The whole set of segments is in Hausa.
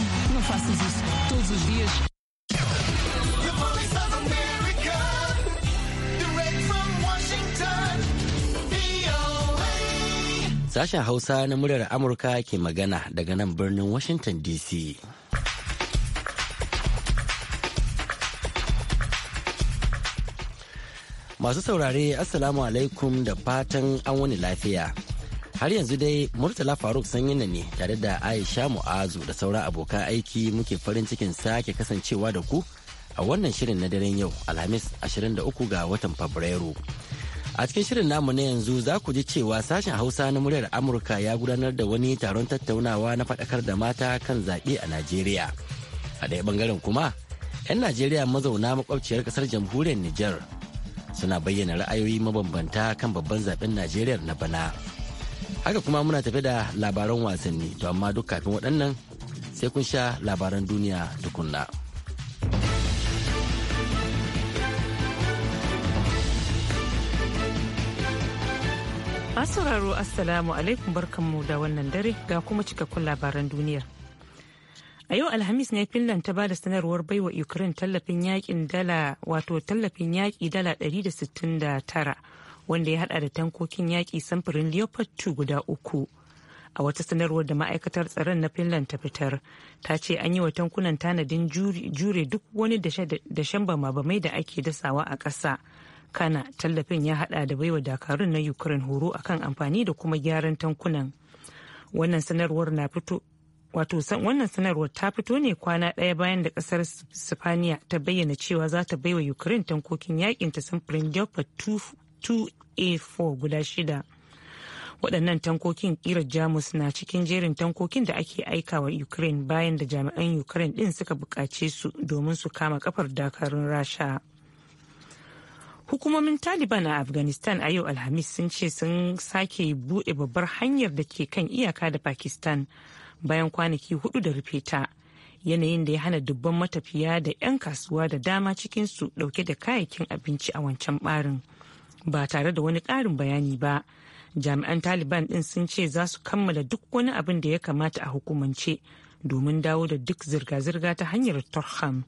FM. Não faças isso todos os dias. Sashen Hausa na muryar Amurka ke magana daga nan birnin Washington DC. Masu saurare, Assalamu alaikum da fatan an wani lafiya. har yanzu dai murtala faruk sanyin ne tare da aisha mu'azu da sauran abokan aiki muke farin cikin sake kasancewa da ku a wannan shirin na daren yau alhamis 23 ga watan fabrairu a cikin shirin namu na yanzu za ku ji cewa sashen hausa na muryar amurka ya gudanar da wani taron tattaunawa na faɗakar da mata kan zaɓe a najeriya a ɗaya ɓangaren kuma 'yan najeriya mazauna makwabciyar ƙasar jamhuriyar Nijar suna bayyana ra'ayoyi mabambanta kan babban zaɓen najeriya na bana haka kuma muna tafi da labaran wasanni to amma duk kafin waɗannan sai kun sha labaran duniya tukunna. sauraro assalamu alaikum barkanmu da wannan dare ga kuma cikakkun labaran duniyar a yau alhamis ne finland ta ba da sanarwar baiwa ukraine tallafin yakin dala wato tallafin yaki dala 169 wanda ya hada da tankokin yaƙi samfurin leopard 2 guda uku a wata sanarwar da ma'aikatar tsaron na finland ta fitar ta ce an yi wa tankunan tanadin jure duk wani dashen bama-bamai da ake dasawa a ƙasa kana tallafin ya hada da baiwa dakarun na ukraine horo akan amfani da kuma gyaran tankunan wannan sanarwar na fito wato wannan sanarwar ta fito ne kwana ɗaya bayan da ƙasar sifaniya ta bayyana cewa za ta baiwa ukraine tankokin yakin ta samfurin 2a4 guda shida waɗannan tankokin ƙirar jamus na cikin jerin tankokin da ake aika wa ukraine bayan da jami'an ukraine ɗin suka buƙace su domin su kama kafar dakarun rasha hukumomin taliban a afghanistan a yau alhamis sun ce sun sake buɗe babbar hanyar da ke kan iyaka da pakistan bayan kwanaki hudu da rufe ta yanayin da ya hana dubban matafiya da 'yan kasuwa da dama cikinsu ɗauke da kayayyakin abinci a wancan ɓarin. ba tare da wani ƙarin bayani ba jami'an taliban ɗin sun ce za su kammala duk wani abin da ya kamata a hukumance domin dawo da duk zirga-zirga ta hanyar turkham.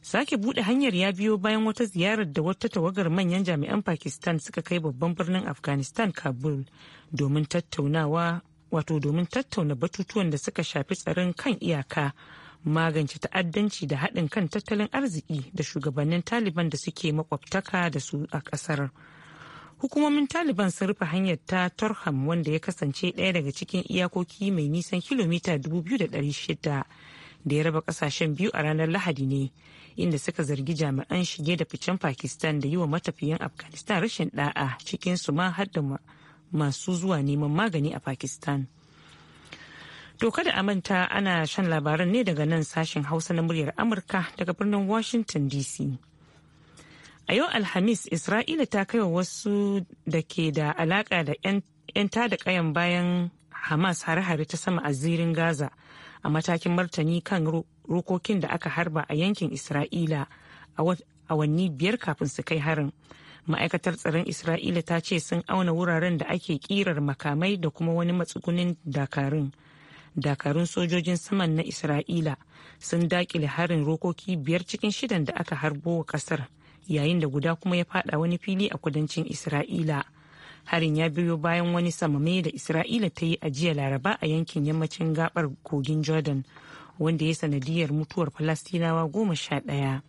sake buɗe hanyar ya biyo bayan wata ziyarar da wata tawagar manyan jami'an pakistan suka kai babban birnin afghanistan kabul domin tattaunawa wato domin tattauna batutuwan da suka shafi tsaron kan iyaka magance ta'addanci da haɗin kan tattalin arziki da shugabannin taliban da suke makwabtaka da su a ƙasar. hukumomin taliban sun rufe hanyar ta torham wanda ya kasance ɗaya daga cikin iyakoki mai nisan kilomita 2,600 da ya raba ƙasashen biyu a ranar lahadi ne inda suka zargi jami'an shige da ficen pakistan da yi wa matafiyan afghanistan rashin ɗa'a cikin su ma har da masu zuwa neman magani a pakistan To kada a manta ana shan labaran ne daga nan sashen Hausa na muryar Amurka daga birnin Washington DC. A yau Alhamis, Isra'ila ta kai wa wasu da ke da alaka da 'yan tada kayan bayan Hamas hare-hare ta sama a zirin Gaza a matakin martani kan rokokin da aka harba a yankin Isra'ila awanni biyar kafin su kai harin. ma'aikatar tsaron isra'ila ta ce sun auna wuraren da ake kirar makamai da kuma wani matsugunin dakarun dakarun sojojin saman na isra'ila sun dakile harin rokoki biyar cikin shidan da aka harbo wa kasar yayin da guda kuma ya fada wani fili a kudancin isra'ila harin ya biyo bayan wani samame da isra'ila ta yi a jiya laraba a yankin yammacin gabar kogin jordan wanda ya sanadiyar mutuwar falastinawa goma sha ɗaya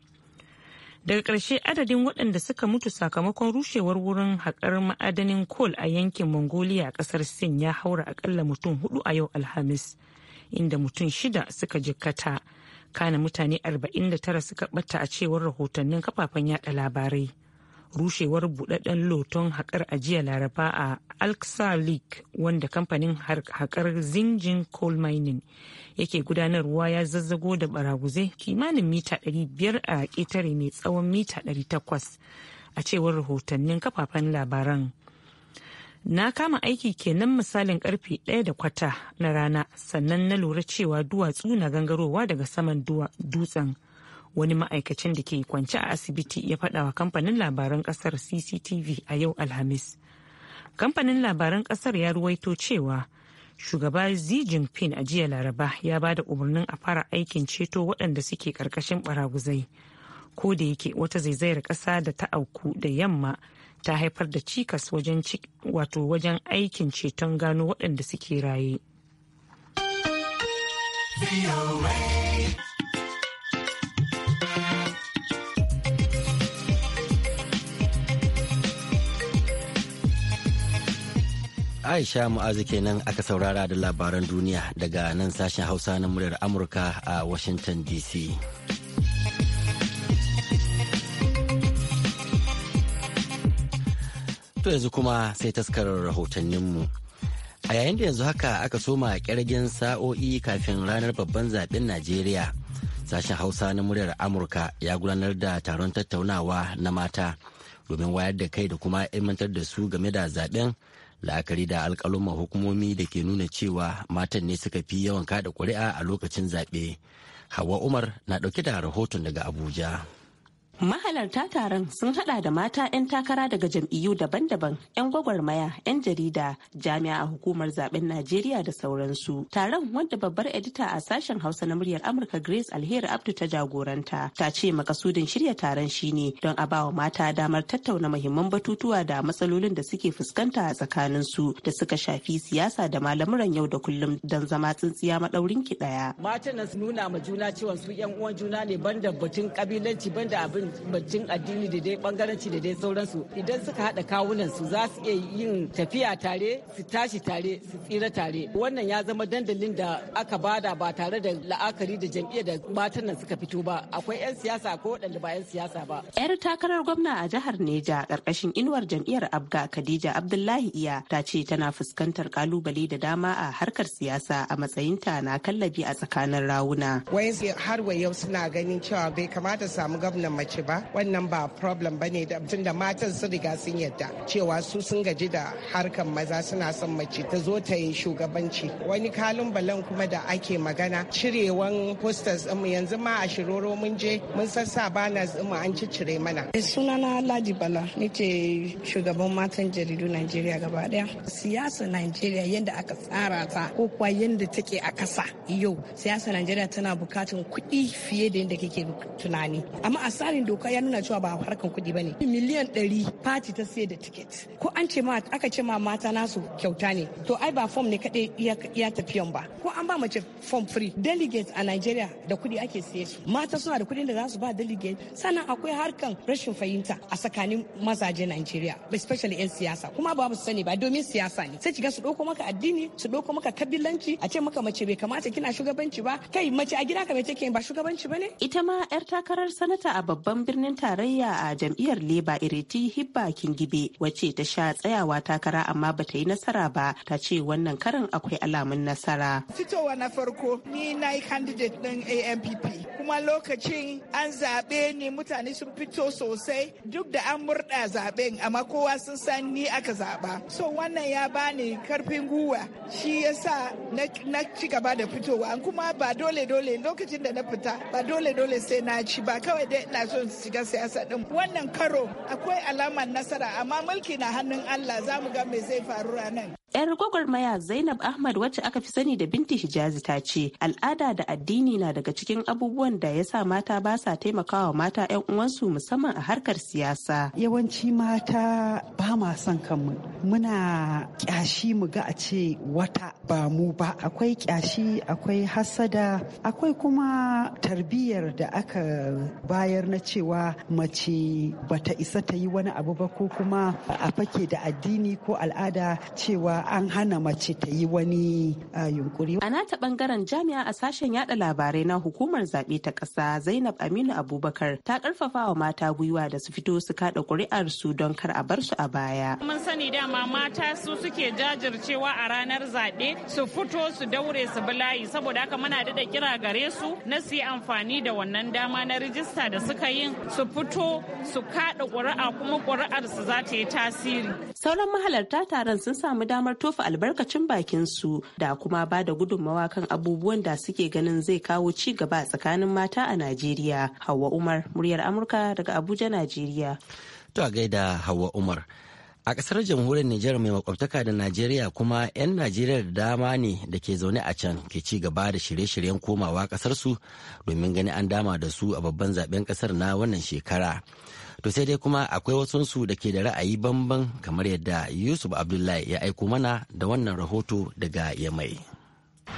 daga ƙarshe adadin waɗanda suka mutu sakamakon rushewar wurin haƙar ma'adanin kol a yankin mongolia ƙasar sin ya haura akalla mutum hudu a yau alhamis inda mutum shida suka jikkata kana mutane arba'in da tara suka ɓata a cewar rahotannin kafafen yada labarai rushewar budadden loton haƙar ajiya laraba a alksa league wanda kamfanin haƙar zinjin coal mining yake gudanarwa ya zazzago da baraguzai kimanin mita 500 a ƙetare mai tsawon mita 800 a cewar rahotannin kafafen labaran na kama aiki kenan misalin karfe ɗaya da kwata na rana sannan na lura cewa duwatsu na gangarowa daga saman dutsen. wani ma'aikacin da ke kwance a asibiti ya faɗawa kamfanin labaran ƙasar cctv a yau alhamis kamfanin labaran ƙasar ya ruwaito cewa shugaba xi jinping a jiya laraba ya ba da umarnin a fara aikin ceto waɗanda suke ƙarƙashin ɓaraguzai ko da yake wata zaizayar ƙasa da ta auku da yamma ta haifar da cikas wajen wato wajen aikin ceton gano waɗanda suke raye. Aisha Mu'azu kenan aka saurara da labaran duniya daga nan sashen Hausa na muryar Amurka a Washington DC. To yanzu kuma sai taskarar rahotanninmu. A yayin da yanzu haka aka soma kirgin sa'o'i kafin ranar babban zaben Najeriya. Sashen Hausa na muryar Amurka ya gudanar da taron tattaunawa na mata domin wayar da kai da kuma ilmantar da su game da zaben la'akari da alkaluman hukumomi da ke nuna cewa matan ne suka fi yawan kada kuri'a a lokacin zaɓe hawa umar na ɗauke da rahoton daga abuja Mahalarta taron sun hada da mata 'yan takara daga jam'iyyu daban-daban, 'yan gwagwarmaya, 'yan jarida, jami'a a hukumar zaben Najeriya da sauransu. Taron wanda babbar edita a sashen Hausa na muryar Amurka Grace Alheri Abdu ta jagoranta, ta ce makasudin shirya taron shine don a bawa mata damar tattauna muhimman batutuwa da matsalolin da suke fuskanta a tsakanin su da suka shafi siyasa da malamuran yau da kullum don zama tsintsiya maɗaurin ki ɗaya. Matan nuna ma juna cewa su 'yan uwan juna ne banda batun kabilanci banda abin baccin addini da dai bangaranci da dai sauransu idan suka haɗa kawunan su za su iya yin tafiya tare su tashi tare su tsira tare wannan ya zama dandalin da aka bada ba tare da la'akari da jam'iyyar da matan nan suka fito ba akwai 'yan siyasa ko waɗanda ba 'yan siyasa ba. yar takarar gwamna a jihar neja ƙarƙashin inuwar jam'iyyar abga khadija abdullahi iya ta ce tana fuskantar kalubale da dama a harkar siyasa a matsayin ta na kallabi a tsakanin rawuna. wai har wayo suna ganin cewa bai kamata samu gwamnan mace shi ba wannan ba problem bane da da matan sun riga sun yadda cewa su sun gaji da harkan maza suna son mace ta zo ta yi shugabanci wani kalin balan kuma da ake magana cirewan hostess mu yanzu ma a shiroro mun je mun san sa banners mu an ciccire mana sunana Ladi Bala nake shugaban matan jaridu Najeriya gaba daya siyasa Najeriya yadda aka tsara ta ko kuwa yadda take a kasa yau siyasa Najeriya tana bukatun kuɗi fiye da yadda kake tunani amma a tsarin yin doka ya nuna cewa ba harkan kuɗi ba ne miliyan ɗari fati ta sayar da tiket ko an ce ma aka ce ma mata nasu kyauta ne to ai ba fom ne kadai ya tafiyan ba ko an ba mace fom free delegate a nigeria da kuɗi ake siye su mata suna da kudin da za su ba delegate sannan akwai harkan rashin fahimta a tsakanin mazaje nigeria especially 'yan siyasa kuma ba su sani ba domin siyasa ne sai kiga su ɗauko maka addini su ɗauko maka kabilanci a ce maka mace bai kamata kina shugabanci ba kai mace a gida ka mai take ba shugabanci ba ne ita ma 'yar takarar sanata a babban babban birnin tarayya a jam'iyyar Leba Ireti Hibba Kingibe wacce ta sha tsayawa takara amma bata yi nasara ba ta ce wannan karin akwai alamun nasara. Fitowa na farko ni na yi candidate ɗin AMPP kuma lokacin an zaɓe ni mutane sun fito sosai duk da an murɗa zaɓen amma kowa sun san ni aka zaɓa. So wannan ya bani karfin gwiwa shi yasa na ci gaba da fitowa kuma ba dole dole lokacin da na fita ba dole dole sai na ci ba kawai dai ina so su shiga siyasa din wannan karo akwai alamar nasara amma mulki na hannun Allah za mu ga me zai faru ranar Yar maya Zainab Ahmad wacce aka fi sani da Binti Hijazi ta ce al'ada da addini na daga cikin abubuwan da ya sa mata ba sa taimakawa mata 'yan uwansu musamman a harkar siyasa. Yawanci mata ba ma son kanmu muna kyashi mu ga a ce wata ba mu ba akwai kyashi akwai hasada akwai kuma tarbiyyar da aka bayar na cewa mace bata isa ta yi wani abu ba ko kuma a fake da addini ko al'ada cewa an hana mace ta yi wani yunkuri. A nata bangaren jami'a a sashen yada labarai na hukumar zaɓe ta ƙasa Zainab Aminu Abubakar ta ƙarfafa wa mata gwiwa da su fito su kaɗa ƙuri'arsu su don kar a bar su a baya. Mun sani dama mata su suke jajircewa a ranar zaɓe su fito su daure su bi layi saboda haka muna daɗa kira gare su na su yi amfani da wannan dama na rijista da suka yi su fito su kaɗa ƙuri'a kuma ƙuri'ar su za ta yi tasiri. Sauran mahalarta taron sun samu damar tofa albarkacin bakin su da kuma ba da gudunmawa kan abubuwan da suke ganin zai kawo ci gaba tsakanin mata a Najeriya. Hauwa Umar, muryar Amurka daga Abuja, Najeriya. To a gaida Hauwa Umar. A ƙasar jamhuriyar Nijar mai makwabtaka da Najeriya kuma 'yan Najeriya da dama ne da ke zaune a can ke ci gaba da shirye-shiryen komawa ƙasarsu domin gani an dama da su a babban zaben ƙasar na wannan shekara. To sai dai kuma akwai wasunsu da ke da ra'ayi bamban kamar yadda Yusuf Abdullahi ya aiko mana da wannan rahoto daga Yamai.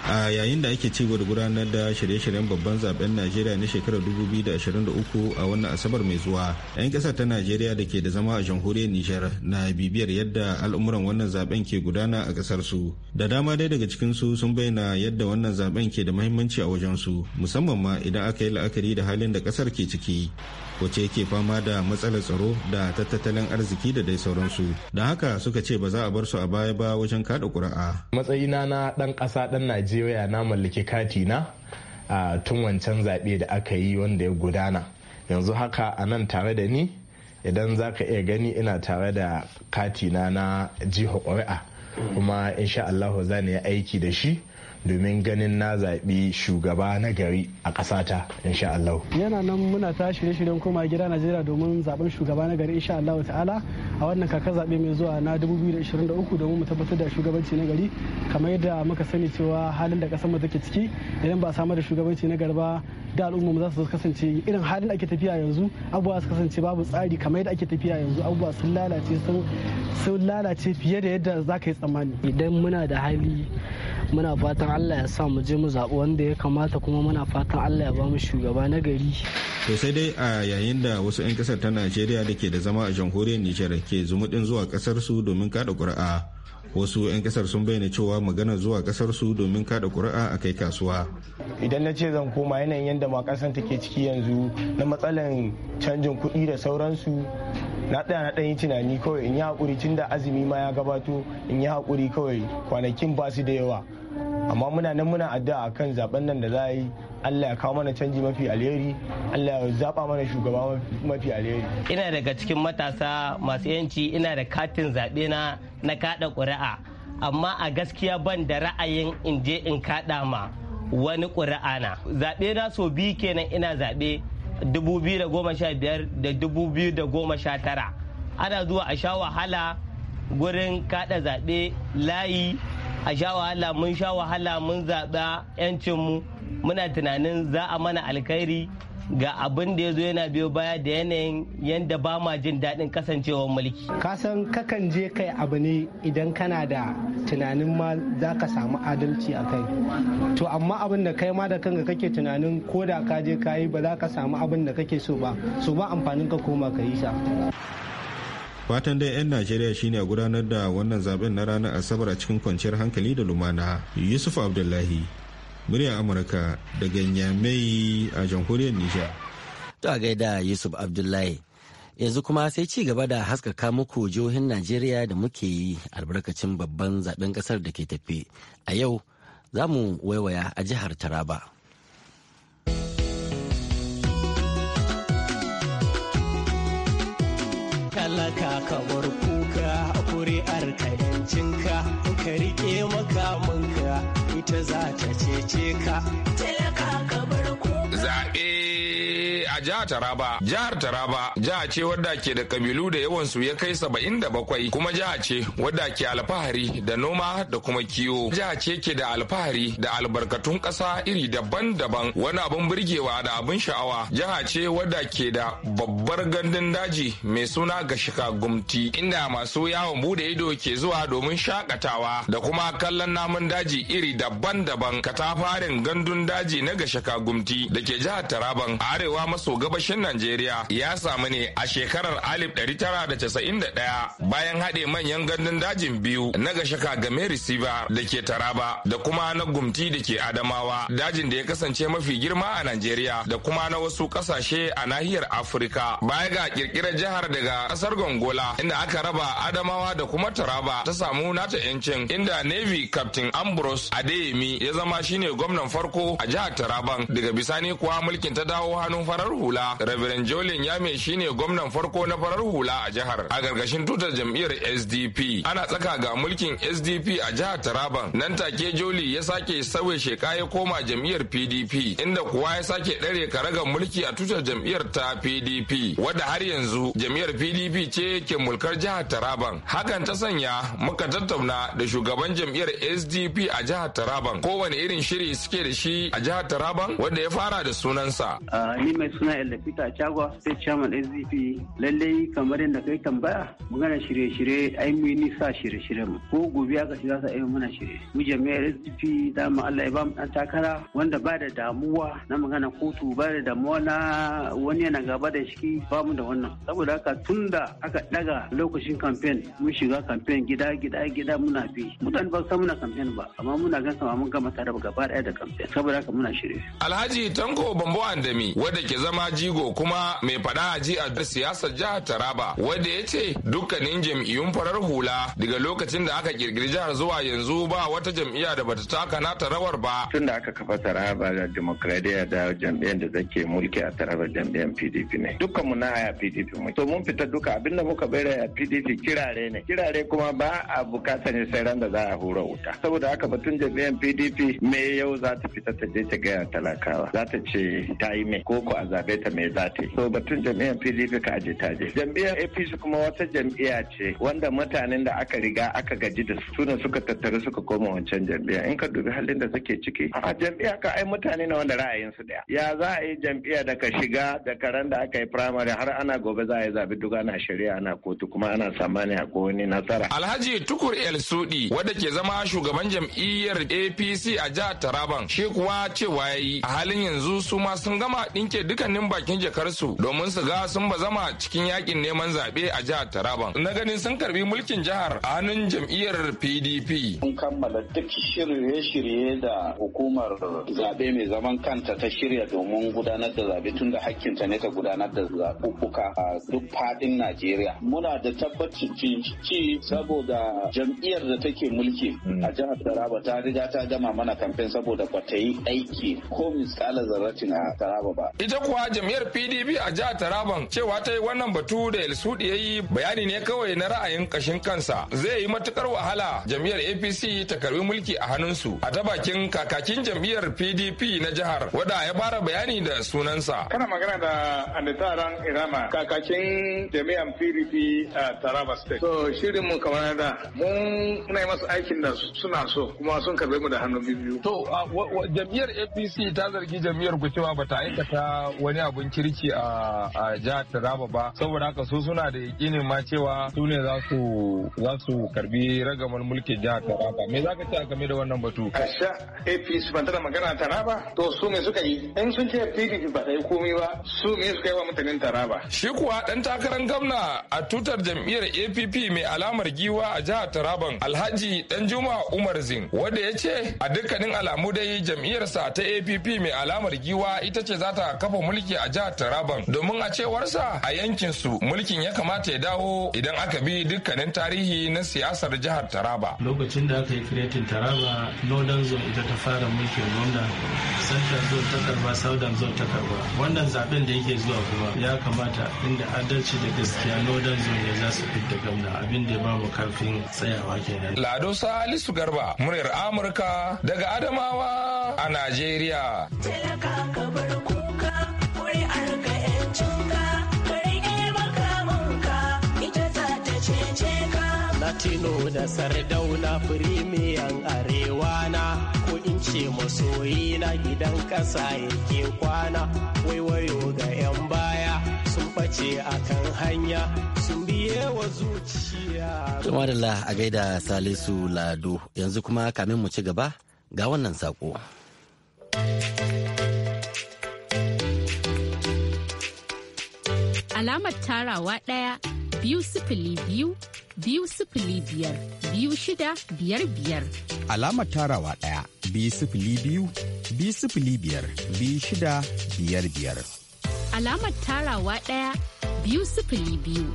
a yayin da ake cigo da gudanar da shirye-shiryen babban zaben najeriya na shekarar 2023 a wannan asabar mai zuwa 'yan kasa ta najeriya da ke da zama a jamhuriyar nijar na bibiyar yadda al'umuran wannan zaben ke gudana a kasar su da dama dai daga cikin su sun bayyana yadda wannan zaben ke da mahimmanci a wajen su musamman ma idan aka yi la'akari da halin da kasar ke ciki wacce yake fama da matsalar tsaro da tattalin arziki da dai sauransu da haka suka ce ba za a bar su a baya ba wajen kada ƙuri'a matsayina na ɗan ƙasa ɗan najeriya na mallaki kati na a tun wancan zaɓe da aka yi wanda ya gudana yanzu haka a nan tare da ni idan za ka iya gani ina tare da kati na na jiha ƙuri'a kuma insha allahu zan yi aiki da shi domin ganin na zaɓi shugaba na gari a ƙasata insha Allah. Yana nan muna ta shirye-shiryen koma gida Najeriya domin zaɓen shugaba na gari insha Allah ta'ala a wannan kakar zaɓe mai zuwa na 2023 domin mu tabbatar da shugabanci na gari kamar yadda muka sani cewa halin da ƙasar mu take ciki idan ba a samar da shugabanci na gari ba da al'umma za su kasance irin halin ake tafiya yanzu abubuwa su kasance babu tsari kamar yadda ake tafiya yanzu abubuwa sun lalace sun lalace fiye da yadda za ka yi tsammani idan muna da hali muna fatan allah ya sa mu je mu zaɓi wanda ya kamata kuma muna fatan allah ya ba mu shugaba na gari to sai dai a yayin da wasu 'yan kasar ta najeriya da ke da zama a jamhuriyar nijar ke zumuɗin zuwa kasar su domin kada ƙuri'a wasu 'yan kasar sun bayyana cewa magana zuwa kasar su domin kada kuri'a a kai kasuwa idan na ce zan koma yanayin yadda ma ta take ciki yanzu na matsalan canjin kuɗi da sauransu na ɗaya na ɗan tunani kawai in yi haƙuri tun da azumi ma ya gabato in yi haƙuri kawai kwanakin ba su da yawa amma muna nan muna addu'a akan zaben nan da za a yi Allah ya kawo mana canji mafi alheri Allah ya zaba mana shugaba mafi alheri ina daga cikin matasa masu yanci ina da katin zaɓe na na kaɗa ƙuri'a amma a gaskiya ban da ra'ayin in je in kaɗa ma wani ƙuri'a na zaɓe na so biyu kenan ina zaɓe 2015 da 2019 ana zuwa a sha wahala gurin kada zaɓe layi a sha wahala mun sha wahala mun zaɓa 'yancinmu muna tunanin za a mana alkhairi ga abin da ya zo yana biyo baya da yanayin yadda ba ma jin daɗin kasancewar mulki. kasan kakan je kai abu ne idan kana da tunanin ma za ka samu adalci a kai to amma abin da kai ma da kanka kake tunanin ko da ka je ka yi ba za ka samu abin da kake so ba so ba amfanin ka koma ka yi sa. fatan dai 'yan najeriya shine gudanar da wannan zaben na ranar asabar a cikin kwanciyar hankali da lumana yusuf abdullahi murya amurka daga nyamai a jamhuriyar nijar to a gaida yusuf abdullahi yanzu kuma sai ci gaba da haskaka muku jihohin najeriya da muke yi albarkacin babban zaben kasar da ke tafi a yau za mu waiwaya a jihar taraba talaka ka bar kuka kuri'ar ka yancinka ka riƙe gayyace jihar Taraba. Jihar Taraba jiha ce wadda ke da kabilu da yawan su ya kai saba'in bakwai kuma jiha ce wadda ke alfahari da noma da kuma kiwo. Jiha ce ke da alfahari da albarkatun ƙasa iri daban-daban wani abun burgewa da abun sha'awa. Jiha ce wadda ke da babbar gandun daji mai suna Gashika Gumti inda masu yawon bude ido ke zuwa domin shakatawa da kuma kallon namun daji iri daban-daban katafarin gandun daji na Gashika Gumti da ke jihar Taraban arewa maso gabashin Najeriya ya samu ne a shekarar 1991 bayan haɗe manyan gandun dajin biyu na gashaka game receiver da ke Taraba da kuma na gumti da ke Adamawa dajin da ya kasance mafi girma a Najeriya da kuma na wasu ƙasashe a nahiyar Afirka baya ga ƙirƙirar jihar daga ƙasar Gongola inda aka raba Adamawa da kuma Taraba ta samu nata 'yancin inda Navy Captain Ambrose Adeyemi ya zama shine gwamnan farko a jihar Taraban daga bisani kuwa mulkin ta dawo hannun farar hula reverend jolin yame shine gwamnan farko na farar hula a jihar a gargashin tutar jam'iyyar sdp ana tsaka ga mulkin sdp a jihar taraban nan take joli ya sake sauye sheka ya koma jam'iyyar pdp inda kuwa ya sake ka karagar mulki a tutar jam'iyyar ta pdp wadda har yanzu jam'iyyar pdp ce ke mulkar jihar taraban hakan ta sanya muka tattauna da shugaban jam'iyyar sdp a jihar taraban kowane irin shiri suke da shi a jihar taraban wanda ya fara da sunansa ah, ni suna Elafita a Cagwa state Chairman SDP lallai kamar yadda kai tambaya magana shirye-shirye ai mu nisa shirye-shirye mu ko gobe aka shiga sa ayyuka muna shirye mu jami'ar SDP da mu Allah ya ba mu dan takara wanda ba da damuwa na magana kotu ba da damuwa na wani yana gaba da shi ba mu da wannan saboda haka tunda aka daga lokacin campaign mun shiga campaign gida gida gida muna bi mutane ba san muna campaign ba amma muna gan sama mun gama tare gaba daya da campaign saboda haka muna shirye Alhaji Tanko Bambo Andami wanda ke zama zama jigo kuma mai fada a ji a siyasar jihar Taraba wanda ya ce dukkanin jam'iyyun farar hula daga lokacin da aka kirkiri jihar zuwa yanzu ba wata jam'iyya da bata taka na rawar ba. Tun da aka kafa Taraba da demokradiyya da jam'iyyar da take mulki a Taraba jam'iyyar PDP ne. Dukkan mu na haya PDP mu. To mun fita duka abinda muka bayar a PDP kirare ne. Kirare kuma ba a bukatar ne sai ran da za a hura wuta. Saboda haka batun jam'iyyar PDP me yau za ta fita ta je ta gaya talakawa. Za ta ce ta yi me ko ko a zaɓe ta mai za ta yi. So batun jam'iyyar PDP ka aje ta je. Jam'iyyar APC kuma wata jam'iyya ce wanda mutanen da aka riga aka gaji da su ne suka tattara suka koma wancan jam'iyya. In ka dubi halin da suke ciki. A jam'iyya ka ai mutane na wanda su ɗaya. Ya za a yi jam'iyya da ka shiga da karen da aka yi firamare har ana gobe za a yi zaɓe duk ana shari'a ana kotu kuma ana samani a wani nasara. Alhaji Tukur El Sudi wadda ke zama shugaban jam'iyyar APC a jihar Taraban shi kuwa cewa ya yi a halin yanzu su ma sun gama ɗinke dukan hannun bakin jakarsu domin su ga sun ba zama cikin yakin neman zaɓe a jihar Taraba Na ganin sun karbi mulkin jihar a hannun jam'iyyar PDP. Mun kammala duk shirye-shirye da hukumar zaɓe mai zaman kanta ta shirya domin gudanar da zaɓe tun da hakkinta ne ta gudanar da zaɓuɓɓuka a duk faɗin Najeriya. Muna da tabbacin ci saboda jam'iyyar da take mulki a jihar Taraba ta riga ta gama mana kamfen saboda ba ta yi aiki ko misali zarratin a Taraba ba. Ita kuwa jam'iyyar pdp a jihar taraban cewa ta yi wannan batu da elsudi ya yi bayani ne kawai na ra'ayin kashin kansa zai yi matukar wahala jam'iyyar apc ta karbi mulki a hannunsu a ta bakin kakakin jam'iyyar pdp na jihar wada ya fara bayani da sunansa kana magana da anitaran irama kakakin jami'an pdp a taraba state so shirin mu kamar da mun muna yi masu aikin da suna so kuma sun karbe mu da hannu biyu to jam'iyyar apc ta zargi jam'iyyar ku cewa bata aikata wani wani abun kirki a jihar Taraba ba saboda haka su suna da yakinin ma cewa su ne za su za su karbi ragamar mulkin jihar Taraba me zaka ce game da wannan batu kasha APC ban tana magana Taraba to su ne suka yi in sun ce PDP ba ta yi komai ba su ne suka yi wa mutanen Taraba shi kuwa dan takarar gwamna a tutar jam'iyyar APP mai alamar giwa a jihar Taraban Alhaji Danjuma Umar Zin wanda ya ce a dukkanin alamu dai jam'iyyarsa ta APP mai alamar giwa ita ce za ta kafa mulki mulki a jihar Taraban domin a cewarsa a yankin su mulkin ya kamata ya dawo idan aka bi dukkanin tarihi na siyasar jihar Taraba. Lokacin da aka yi kiretin Taraba, Northern Zone ita ta fara mulkin gwamna, Central Zone ta karba, Southern Zone ta karba. Wannan zaben da yake zuwa kuma ya kamata inda adalci da gaskiya Northern Zone ya za su fitta gwamna abin da ya ba mu karfin tsayawa kenan. Lado Salisu Garba, muryar Amurka daga Adamawa a Najeriya. Talaka ka bar Tino da Sardauna firimiyan arewa na ko in ce masoyi na gidan ƙasa yake kwana waiwayo ga 'yan baya sun face kan hanya sun biye wa zuciya. la a gaida Salisu Lado yanzu kuma kamin mu ci gaba ga wannan saƙo. Alamar tarawa ɗaya biyu sifili biyu biyu sifili biyar biyu shida biyar biyar. Alamar tarawa ɗaya biyu sifili biyu biyu sifili biyar biyu shida biyar biyar. Alamar tarawa ɗaya biyu sifili biyu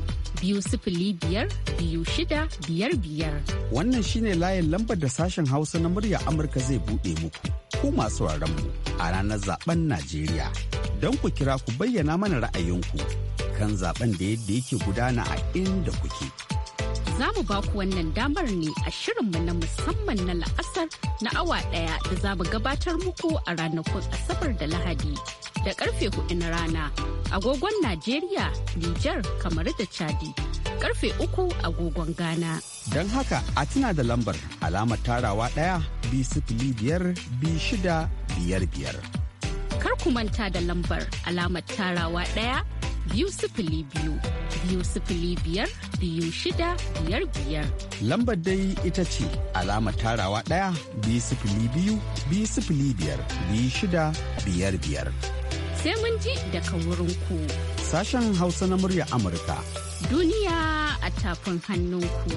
biyu sifili biyar biyu shida biyar biyar. Wannan shine layin lambar da sashen Hausa na murya Amurka zai buɗe muku ku masu mu a ranar zaben Najeriya. Don ku kira ku bayyana mana ra'ayinku kan zaben da yadda yake gudana a inda kuke. za mu ba ku wannan damar ne a shirin mu na musamman na la'asar na awa ɗaya da za mu gabatar muku a ranakun Asabar da Lahadi da karfe hudu na rana agogon Najeriya, Nijar, kamar da Chadi. Karfe uku agogon Ghana. Don haka a tuna da lambar alamar tarawa ɗaya bi sifili biyar bi shida biyar biyar. Kar ku manta da lambar alamar tarawa ɗaya biyu sifili biyu. biyu sifili biyar biyu shida biyar biyar. Lambar dai ita ce alamar tarawa ɗaya biyu sifili biyu biyu sifili biyar biyu shida biyar biyar. Sai mun ji daga wurin ku. Sashen Hausa na murya Amurka. Duniya a tafin hannunku.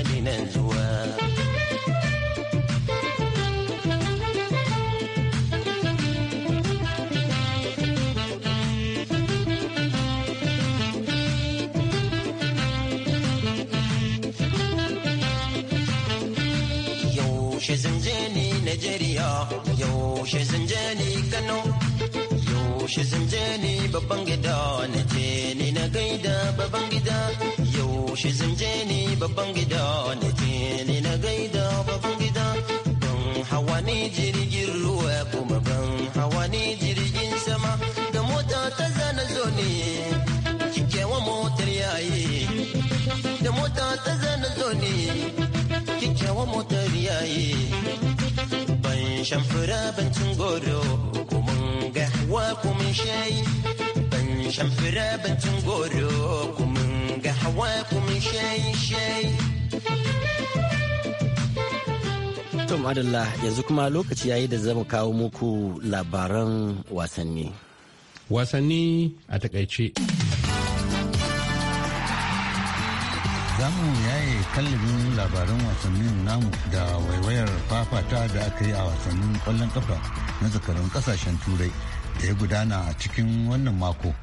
Najeriya yaushe sun je ni Kano yaushe sun je ni babban gida na je ni na gaida babban gida yaushe sun je ni babban gida na je ni na gaida babban gida don hawa ni jirgin ruwa kuma ban hawa ni jirgin sama da mota ta zana zo ne kikewa motar yayi da mota ta zana zo ne kikewa motar yayi mun shan fura goro ko mun ga hawa ko mun shayi ban shan fura goro ko mun ga ko mun shayi shayi yanzu kuma lokaci yayi da zama kawo muku labaran wasanni. Wasanni a takaice. kallabin labaran wasannin namu da waiwayar fafata da aka yi a wasannin kwallon kafa na zakarun kasashen turai da ya gudana a cikin wannan mako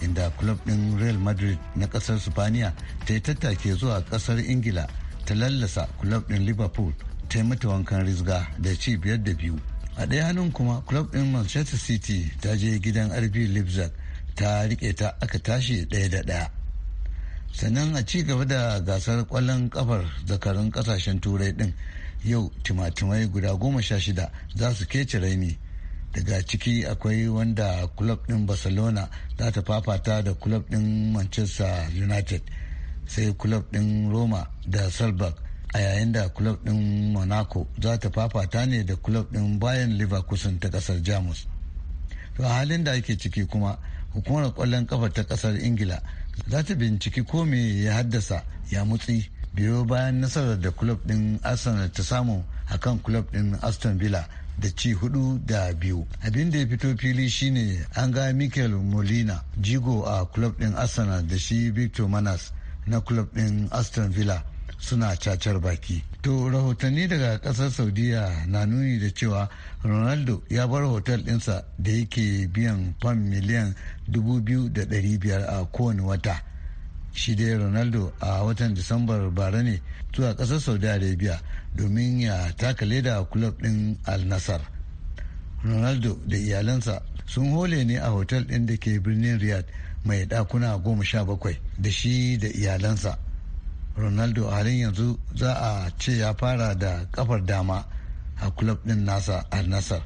inda club din real madrid na kasar spaniya ta yi tattake zuwa kasar ingila ta lallasa club din liverpool ta yi mata wankan rizga da ci biyar da biyu a ɗaya hannun kuma club din manchester city ta je gidan rb leipzig ta rike ta aka tashi ɗaya da ɗaya sannan a ci gaba da gasar kwallon kafar zakarun kasashen turai din yau timatimai guda goma sha shida za su kece raini daga ciki akwai wanda kulob din barcelona za ta fafata da kulob din manchester united sai kulob din roma da salzburg a yayin da kulob din monaco za ta fafata ne da kulob din bayan leverkusen ta kasar jamus to halin da ake ciki kuma hukumar kwallon kafa ta kasar ingila za ta binciki ko me ya haddasa ya mutsi biyo bayan nasarar da kulob ɗin arsenal ta samu a kan kulob ɗin aston villa da ci hudu da biyu abin da ya fito fili shine an ga mikel molina jigo a kulob ɗin arsenal da shi victor manas na kulob ɗin aston villa suna cacar baki to rahotanni daga kasar saudiya na nuni da cewa ronaldo ya bar hotel ɗinsa da yake biyan fam miliyan biyar a kowane wata shi dai ronaldo a watan disambar bara ne zuwa kasar saudi arabia domin ya taka leda kulob ɗin al nassar ronaldo da iyalansa sun hole ne a hotel ɗin da ke birnin riyadh mai ɗakuna goma sha bakwai da shi da iyalansa ronaldo a halin yanzu za a ce ya fara da kafar dama a club din nasa a nasar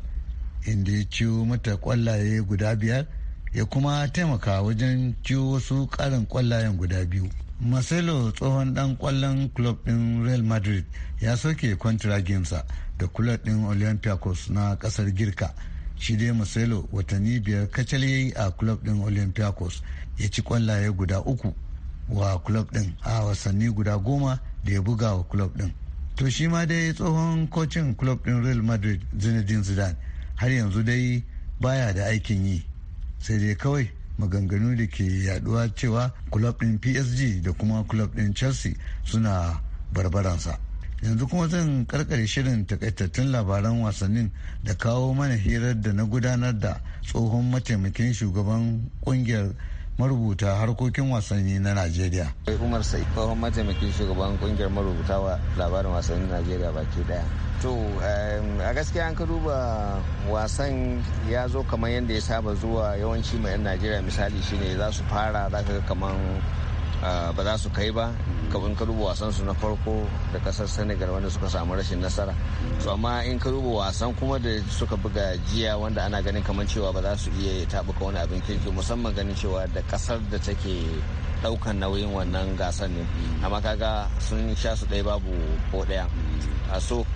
inda ya ciwo mata kwallaye guda biyar ya kuma taimaka wajen ciwo wasu karin kwallayen guda biyu marcelo tsohon dan kwallon club din real madrid ya soke kwantiraginsa da club din olympiacos na kasar girka shi dai marcelo watanni biyar kacal yayi a club din olympiacos ya ci kwallaye guda uku wa club din a wasanni guda goma da ya buga wa club din to shi ma dai tsohon kocin club din real madrid zinedine zidane har yanzu dai baya da aikin yi sai dai kawai maganganu da ke yaduwa cewa club din psg da kuma club din chelsea suna barbaransa yanzu kuma zan karkare shirin takaitattun labaran wasannin da kawo mana hirar da na gudanar da tsohon mataimakin shugaban kungiyar marubuta harkokin wasanni na najeriya umar sai tsohon mataimakin shugaban kungiyar marubuta wa labarin wasannin najeriya baki daya to a gaskiya an ka duba wasan ya zo kamar yadda ya saba zuwa yawanci mai 'yan najeriya misali shine za su fara za ka ga kamar ba za su kai ba in ka duba wasan su na farko da kasar senegal wanda suka samu rashin nasara so amma in ka duba wasan kuma da suka buga jiya wanda ana ganin kamar cewa ba za su iya tabuka wani abin kirki musamman ganin cewa da kasar da take daukan nauyin wannan gasar ne amma kaga sun sha su ɗaya babu ko ɗaya a so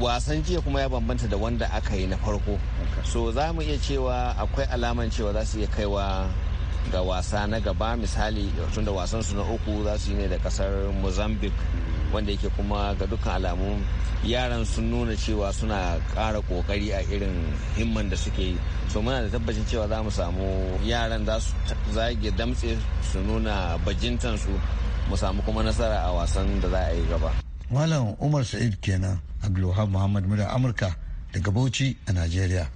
wasan jiya kuma ya bambanta da wanda aka yi na farko so za mu iya cewa akwai alaman cewa za su iya kaiwa ga wasa na gaba misali tun da wasan su na uku za su yi ne da kasar mozambique wanda yake kuma ga dukkan alamu yaran sun nuna cewa suna ƙara ƙoƙari a irin himman da suke yi so muna da tabbacin cewa za mu samu yaran za su zage damtse su nuna bajintansu mu samu kuma nasara a wasan da za a yi gaba malam umar sa'id kenan abdulwahab muhammad mura amurka daga bauchi a najeriya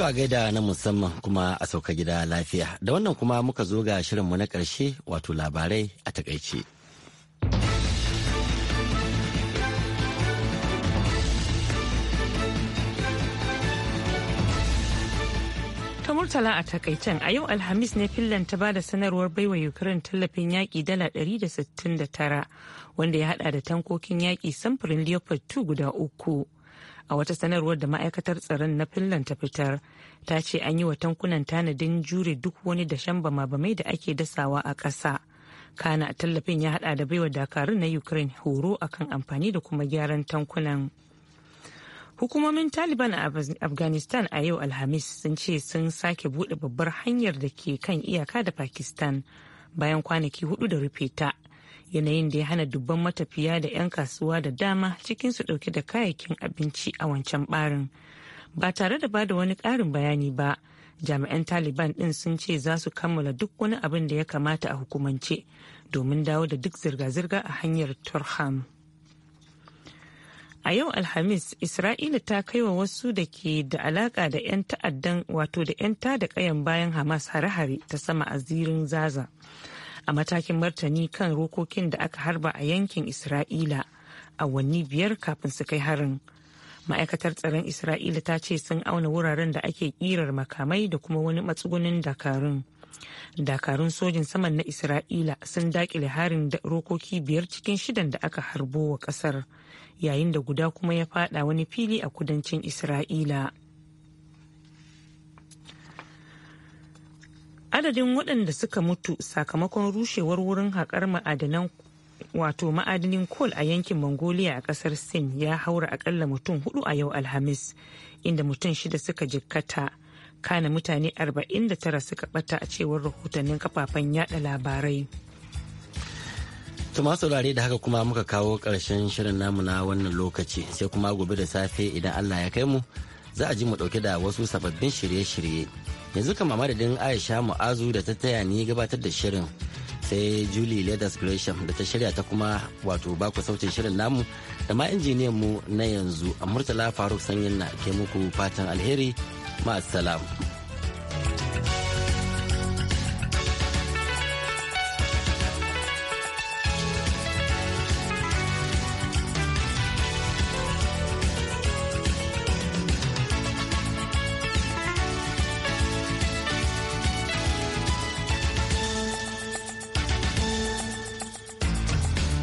To a gaida na musamman kuma a sauka gida lafiya. Da wannan kuma muka zo ga shirinmu na ƙarshe wato labarai a takaice. ta murtala a takaicen a yau alhamis ne finland ta bada sanarwar baiwa ukraine tallafin yaƙi dala 169 wanda ya hada da tankokin yaƙi samfurin leopard 2 guda uku. a wata sanarwar da ma'aikatar tsaron na finland ta fitar ta ce an yi wa tankunan tanadin jure duk wani dashen bama-bamai da ake dasawa a ƙasa kana tallafin ya hada da baiwa dakarun na ukraine horo akan amfani da kuma gyaran tankunan hukumomin taliban a afghanistan a yau alhamis sun ce sun sake bude babbar hanyar da ke kan iyaka da pakistan bayan kwanaki hudu da rufe ta yanayin da ya hana dubban matafiya da 'yan kasuwa da dama cikinsu dauke da kayayyakin abinci a wancan barin ba tare da ba da wani karin bayani ba jami'an taliban din sun ce za su kammala duk wani abin da ya kamata a hukumance domin dawo da duk zirga-zirga a hanyar turham a yau alhamis isra'ila ta kai wa wasu da ke da alaka da 'yan ta'addan wato da 'yan ta da kayan bayan hamas hare-hare ta sama a zirin zaza a matakin martani kan rokokin da aka harba a yankin isra'ila awanni biyar kafin su kai harin ma'aikatar tsaron isra'ila ta ce sun auna wuraren da ake kirar makamai da kuma wani matsugunin dakarun dakarun sojin saman na isra'ila sun dakile harin da rokoki biyar cikin shidan da aka harbo wa kasar yayin da guda kuma ya fada wani fili a kudancin isra'ila adadin waɗanda suka mutu sakamakon rushewar wurin haƙar ma'adanan wato ma'adinin kol a yankin mongolia a ƙasar sin ya haura akalla mutum hudu a yau alhamis inda mutum shida suka jikkata kana mutane 49 suka bata a cewar rahotannin kafafen yada labarai Tuma saurare da haka kuma muka kawo ƙarshen shirin namuna wannan lokaci sai kuma gobe da safe idan Allah ya kai mu za a ji mu dauke da wasu sababbin shirye-shirye yanzu kama madadin aisha mu'azu da ta taya ni gabatar da shirin sai julie leathers gresham da ta shirya ta kuma wato baku sautin shirin namu da ma injiniyan mu na yanzu a murtala faruk sanyin na ke muku fatan alheri ma'asalam.